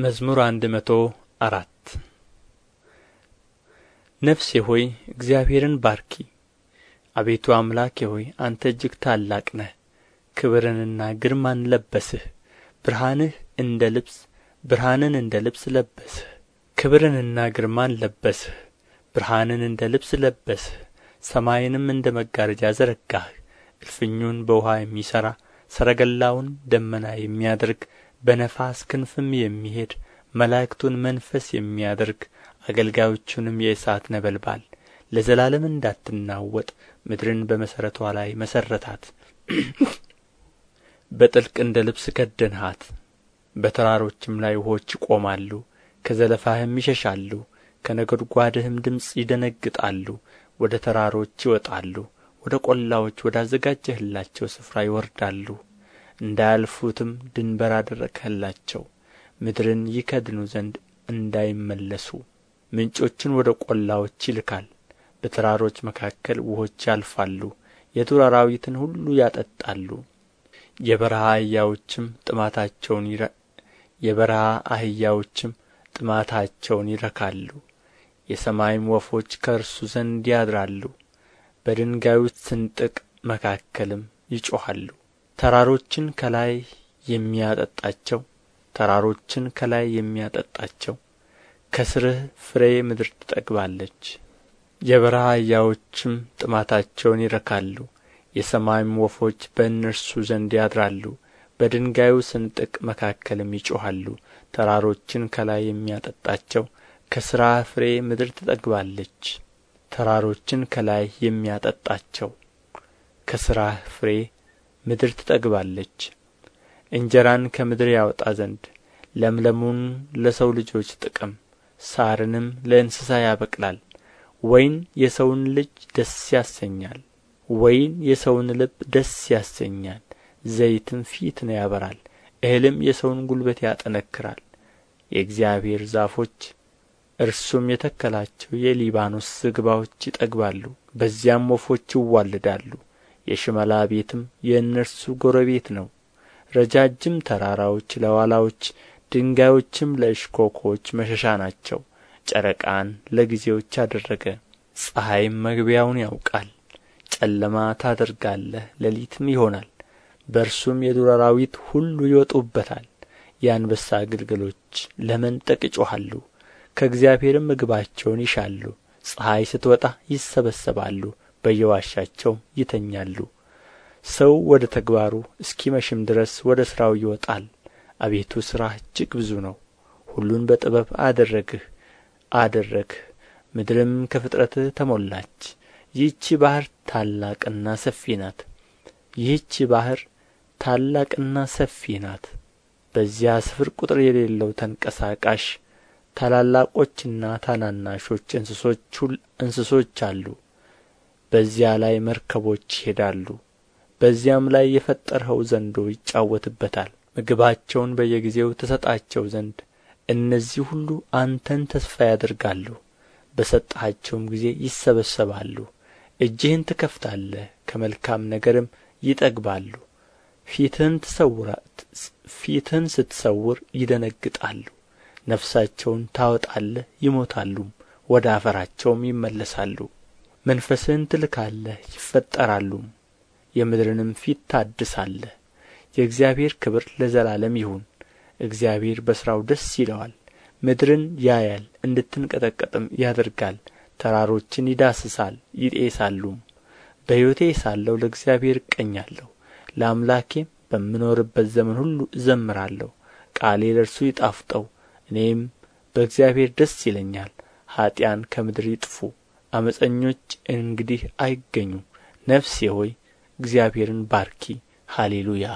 መዝሙር አንድ መቶ አራት ነፍሴ ሆይ እግዚአብሔርን ባርኪ። አቤቱ አምላኬ ሆይ አንተ እጅግ ታላቅ ነህ፣ ክብርንና ግርማን ለበስህ። ብርሃንህ እንደ ልብስ ብርሃንን እንደ ልብስ ለበስህ፣ ክብርንና ግርማን ለበስህ። ብርሃንን እንደ ልብስ ለበስህ፣ ሰማይንም እንደ መጋረጃ ዘረጋህ። እልፍኙን በውኃ የሚሠራ ሰረገላውን ደመና የሚያደርግ በነፋስ ክንፍም የሚሄድ መላእክቱን መንፈስ የሚያደርግ አገልጋዮቹንም የእሳት ነበልባል ለዘላለም እንዳትናወጥ ምድርን በመሠረቷ ላይ መሠረታት። በጥልቅ እንደ ልብስ ከደንሃት፣ በተራሮችም ላይ ውኾች ይቆማሉ፣ ከዘለፋህም ይሸሻሉ፣ ከነጎድጓድህም ድምፅ ይደነግጣሉ። ወደ ተራሮች ይወጣሉ፣ ወደ ቈላዎች ወዳዘጋጀህላቸው ስፍራ ይወርዳሉ። እንዳያልፉትም ድንበር አደረግህላቸው ምድርን ይከድኑ ዘንድ እንዳይመለሱ ምንጮችን ወደ ቈላዎች ይልካል በተራሮች መካከል ውኆች ያልፋሉ የዱር አራዊትን ሁሉ ያጠጣሉ የበረሃ አህያዎችም ጥማታቸውን የበረሃ አህያዎችም ጥማታቸውን ይረካሉ የሰማይም ወፎች ከእርሱ ዘንድ ያድራሉ በድንጋዩ ስንጥቅ መካከልም ይጮኻሉ ተራሮችን ከላይ የሚያጠጣቸው ተራሮችን ከላይ የሚያጠጣቸው ከስርህ ፍሬ ምድር ትጠግባለች የበረሃ አህያዎችም ጥማታቸውን ይረካሉ የሰማይም ወፎች በእነርሱ ዘንድ ያድራሉ በድንጋዩ ስንጥቅ መካከልም ይጮኻሉ ተራሮችን ከላይ የሚያጠጣቸው ከሥራ ፍሬ ምድር ትጠግባለች ተራሮችን ከላይ የሚያጠጣቸው ከሥራህ ፍሬ ምድር ትጠግባለች እንጀራን ከምድር ያወጣ ዘንድ ለምለሙን ለሰው ልጆች ጥቅም ሳርንም ለእንስሳ ያበቅላል ወይን የሰውን ልጅ ደስ ያሰኛል ወይን የሰውን ልብ ደስ ያሰኛል ዘይትም ፊትን ያበራል እህልም የሰውን ጉልበት ያጠነክራል የእግዚአብሔር ዛፎች እርሱም የተከላቸው የሊባኖስ ዝግባዎች ይጠግባሉ በዚያም ወፎች ይዋልዳሉ የሽመላ ቤትም የእነርሱ ጎረቤት ነው ረጃጅም ተራራዎች ለዋላዎች ድንጋዮችም ለእሽኮኮች መሸሻ ናቸው ጨረቃን ለጊዜዎች አደረገ ፀሐይም መግቢያውን ያውቃል ጨለማ ታደርጋለህ ሌሊትም ይሆናል በእርሱም የዱር አራዊት ሁሉ ይወጡበታል የአንበሳ ግልገሎች ለመንጠቅ ይጮኻሉ ከእግዚአብሔርም ምግባቸውን ይሻሉ ፀሐይ ስትወጣ ይሰበሰባሉ በየዋሻቸውም ይተኛሉ ሰው ወደ ተግባሩ እስኪመሽም ድረስ ወደ ሥራው ይወጣል አቤቱ ሥራህ እጅግ ብዙ ነው ሁሉን በጥበብ አደረግህ አደረግህ ምድርም ከፍጥረትህ ተሞላች ይህች ባሕር ታላቅና ሰፊ ናት ይህች ባሕር ታላቅና ሰፊ ናት በዚያ ስፍር ቁጥር የሌለው ተንቀሳቃሽ ታላላቆችና ታናናሾች እንስሶች አሉ በዚያ ላይ መርከቦች ይሄዳሉ በዚያም ላይ የፈጠርኸው ዘንዶ ይጫወትበታል ምግባቸውን በየጊዜው ትሰጣቸው ዘንድ እነዚህ ሁሉ አንተን ተስፋ ያደርጋሉ በሰጠሃቸውም ጊዜ ይሰበሰባሉ እጅህን ትከፍታለህ ከመልካም ነገርም ይጠግባሉ ፊትህን ትሰውራ ፊትህን ስትሰውር ይደነግጣሉ ነፍሳቸውን ታወጣለህ ይሞታሉም ወደ አፈራቸውም ይመለሳሉ መንፈስህን ትልካለህ ይፈጠራሉም የምድርንም ፊት ታድሳለህ የእግዚአብሔር ክብር ለዘላለም ይሁን እግዚአብሔር በሥራው ደስ ይለዋል ምድርን ያያል እንድትንቀጠቀጥም ያደርጋል ተራሮችን ይዳስሳል ይጤሳሉም በሕይወቴ ሳለሁ ለእግዚአብሔር እቀኛለሁ ለአምላኬም በምኖርበት ዘመን ሁሉ እዘምራለሁ ቃሌ ለእርሱ ይጣፍጠው እኔም በእግዚአብሔር ደስ ይለኛል ኀጥኣን ከምድር ይጥፉ ዓመፀኞች እንግዲህ አይገኙም ነፍሴ ሆይ እግዚአብሔርን ባርኪ ሃሌሉያ